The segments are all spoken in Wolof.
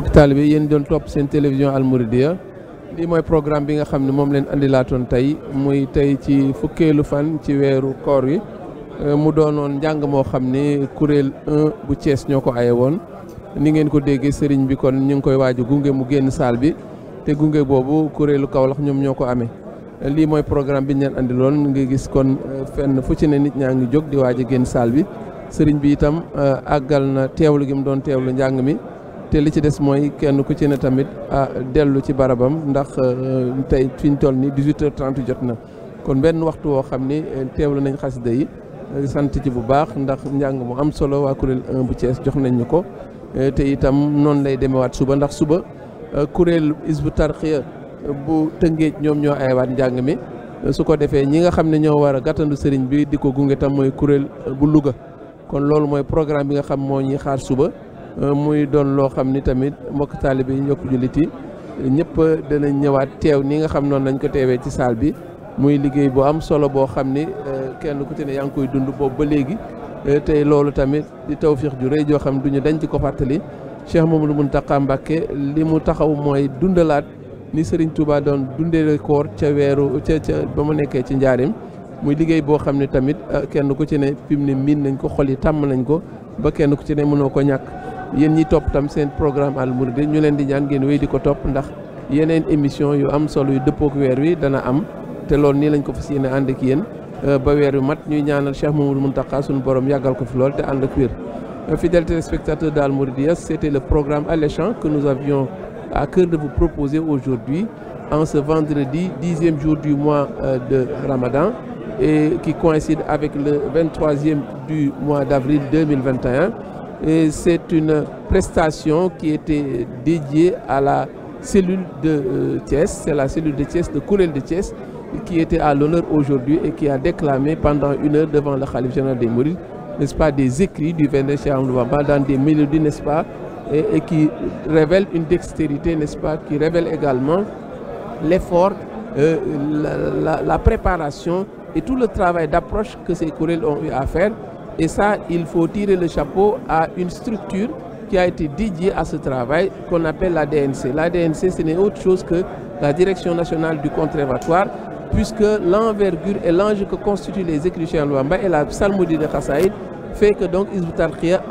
mbokk taalibe yéen doon topp seen télévision almouridia lii mooy programme bi nga xam ne moom leen andilaatoon tey muy tey ci fukkeelu fan ci weeru koor wi euh, mu doonoon njàng moo xam ne kuréel bu Thiès ñoo ko aye woon ni ngeen ko déggee sëriñ bi kon ñu ngi koy waaju gunge mu génn saal bi te gunge boobu kuréelu kawlax ñoom ñoo ko amee lii mooy programme bi ñu leen ngi nga gis kon euh, fenn fu ci ne nit ñaa ngi jóg di waaj a génn saal bi sëriñ bi itam euh, àggal na teewlu gi mu doon teewlu njàng mi te li ci des mooy kenn ku ci ne tamit ah dellu ci barabam ndax euh, tey fi ñu toll nii 18h30 jot na kon benn waxtu woo xam ni euh, teewlu nañ xasida yi euh, sant ci bu baax ndax njàng mu am solo waa kuréel bu Thiès jox nañ ñu ko te itam noonu lay demewaat suba ndax suba kuréel Hizbut Tarqiyyah bu Tëngéej ñoom ñoo ayawaat njàng mi su ko defee ñi nga xam ne ñoo war a gàttandu sëriñ bi di ko gunge tam mooy kuréel bu Louga kon loolu mooy programme bi nga xam moo ñuy xaar suba Euh, muy doon loo xam ni tamit mbokk taalibe yi njokk jullit yi ñëpp danañ ñëwaat teew ni nga xam noon lañ ko teewee ci saal bi muy liggéey bu am solo boo xam ni euh, kenn ku ci ne yaa ngi koy dund boobu ba léegi euh, tey loolu tamit di tawfiix ju rëy joo xam duñu dañ ci ko fàttali Cheikh Mamadou Mountakha Mbacké li mu taxaw mooy dundalaat ni Serigne Touba doon dundee koor ca weeru ca ba mu nekkee ci njaarim muy liggéey boo xam ne tamit kenn ku ci ne fi miin nañ ko xol yi tàmm nañ ko ba kenn ku ci ne mënoo ko ñàkk yéen ñi topp tam seen programme Al ñu leen di ñaan ngeen wéy di ko topp ndax yeneen émission yu am solo yu dëppook weer wi dana am te loolu nii lañ ko fas yéene ànd ak yéen euh, ba weer wi mat ñuy ñaanal Cheikh Mamadou Mountakha suñu borom yàggal ko fi lool te ànd ak wér euh, fidèles téléspectateurs d'Al Mouridiyyah c'était le programme alléchant que nous avions à cœur de vous proposer aujourd'hui en ce vendredi dixième jour du mois euh, de Ramadan et qui coïncide avec le vingt-troisième du mois d'avril 2021 c'est une prestation qui était dédiée à la cellule de euh, Thiès, c'est la cellule de Thiès, de Kourel de Thiès, qui était à l'honneur aujourd'hui et qui a déclamé pendant une heure devant le Khalif général des Mourides, n'est-ce pas, des écrits du vénéré Cheikh dans des mélodies, n'est-ce pas, et, qui révèle une dextérité, n'est-ce pas, qui révèle également l'effort, euh, la, préparation et tout le travail d'approche que ces chorales ont eu à faire Et ça, il faut tirer le chapeau à une structure qui a été dédiée à ce travail qu'on appelle la DNC. La DNC, ce n'est autre chose que la Direction nationale du conservatoire, puisque l'envergure et l'ange que constituent les écrits de Luamba et la psalmodie de Kassaïd fait que donc Hizb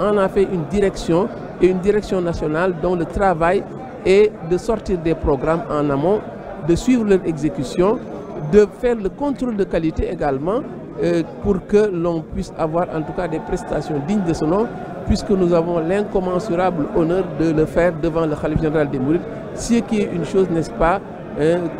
en a fait une direction et une direction nationale dont le travail est de sortir des programmes en amont, de suivre leur exécution, de faire le contrôle de qualité également Euh, pour que l'on puisse avoir en tout cas des prestations dignes de ce nom, puisque nous avons l'incommensurable honneur de le faire devant le Khalif général des Mourides, ce qui est une chose, n'est-ce pas,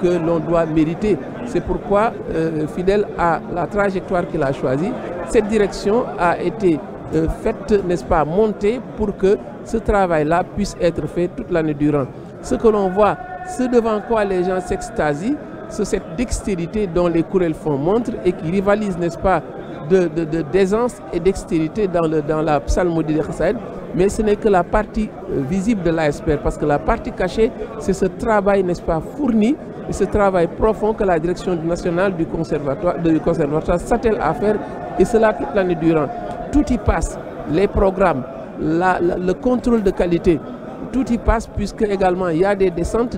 que l'on doit mériter. C'est pourquoi, euh, fidèle à la trajectoire qu'il a choisie, cette direction a été euh, faite, n'est-ce pas, montée pour que ce travail-là puisse être fait toute l'année durant. Ce que l'on voit, ce devant quoi les gens s'extasient, ce cette dextérité dont les courelles font montre et qui rivalisent, n'est-ce pas, de d'aisance de, de, et dextérité dans, le, dans la psalmodie de Chassaïd, mais ce n'est que la partie euh, visible de l'ASPR, parce que la partie cachée, c'est ce travail, n'est-ce pas, fourni, et ce travail profond que la direction nationale du conservatoire, s'attelle à faire, et cela toute l'année durant. Tout y passe, les programmes, la, la, le contrôle de qualité, tout y passe, puisque également il y a des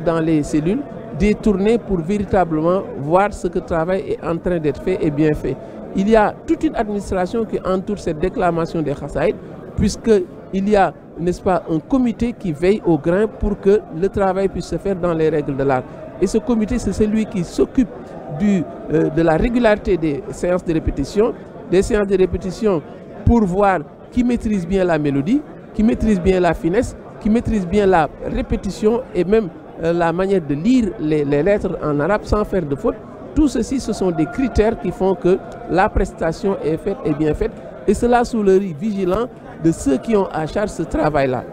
dans les cellules, détourner pour véritablement voir ce que travail est en train d'être fait et bien fait. Il y a toute une administration qui entoure cette déclamation des Khassaïd, puisqu'il y a, n'est-ce pas, un comité qui veille au grain pour que le travail puisse se faire dans les règles de l'art. Et ce comité, c'est celui qui s'occupe euh, de la régularité des séances de répétition, des séances de répétition pour voir qui maîtrise bien la mélodie, qui maîtrise bien la finesse, qui maîtrise bien la répétition et même Euh, la manière de lire les, les lettres en arabe sans faire de faute. Tout ceci, ce sont des critères qui font que la prestation est faite et bien faite, et cela sous le vigilant de ceux qui ont à charge ce travail-là.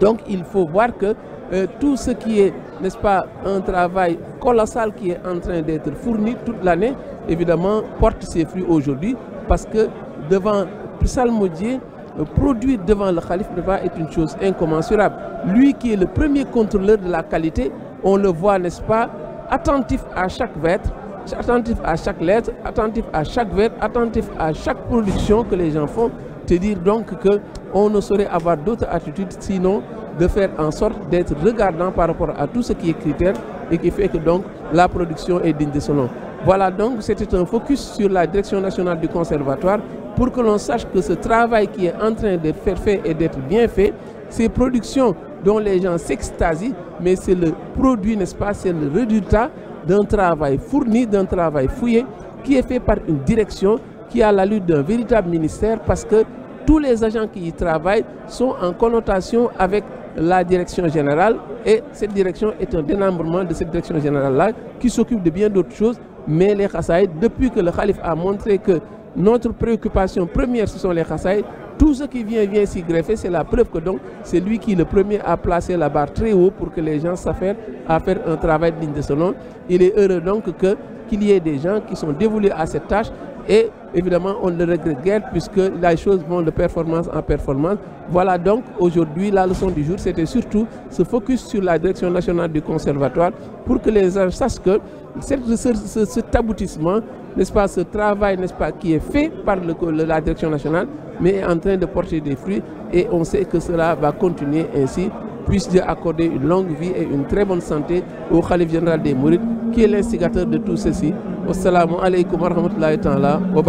Donc il faut voir que euh, tout ce qui est, n'est-ce pas, un travail colossal qui est en train d'être fourni toute l'année, évidemment, porte ses fruits aujourd'hui parce que devant psalmodier, Euh, produire devant le calife ne pas être une chose incommensurable. Lui qui est le premier contrôleur de la qualité, on le voit, n'est-ce pas, attentif à chaque lettre, attentif à chaque lettre, attentif à chaque verre, attentif à chaque production que les gens font. Te dire donc que on ne saurait avoir d'autre attitude sinon de faire en sorte d'être regardant par rapport à tout ce qui est critère et qui fait que donc la production est digne de ce nom. Voilà donc c'était un focus sur la direction nationale du conservatoire pour que l'on sache que ce travail qui est en train d'être fait, et d'être bien fait, ces productions dont les gens s'extasient, mais c'est le produit, n'est-ce pas, c'est le résultat d'un travail fourni, d'un travail fouillé, qui est fait par une direction qui a la lutte d'un véritable ministère parce que tous les agents qui y travaillent sont en connotation avec la direction générale et cette direction est un démembrement de cette direction générale-là qui s'occupe de bien d'autres choses. Mais les Khassaïd, depuis que le calife a montré que notre préoccupation première, ce sont les Khassaïd, tout ce qui vient vient s'y greffer, c'est la preuve que donc c'est lui qui le premier a placé la barre très haut pour que les gens à faire un travail digne que qu'il y ait des gens qui sont dévoués à cette tâche Et évidemment, on ne le regrette guère puisque les choses vont de performance en performance. Voilà donc aujourd'hui la leçon du jour, c'était surtout se focus sur la direction nationale du conservatoire pour que les gens sachent que ce, cet aboutissement, n'est-ce pas, ce travail, n'est-ce pas, qui est fait par le, la direction nationale, mais est en train de porter des fruits et on sait que cela va continuer ainsi Puisse Dieu accorder une longue vie et une très bonne santé au Khalif général des Mourides, qui l'instigateur de tout ceci. Wassalamu alaikum wa rahmatullahi ta'ala wa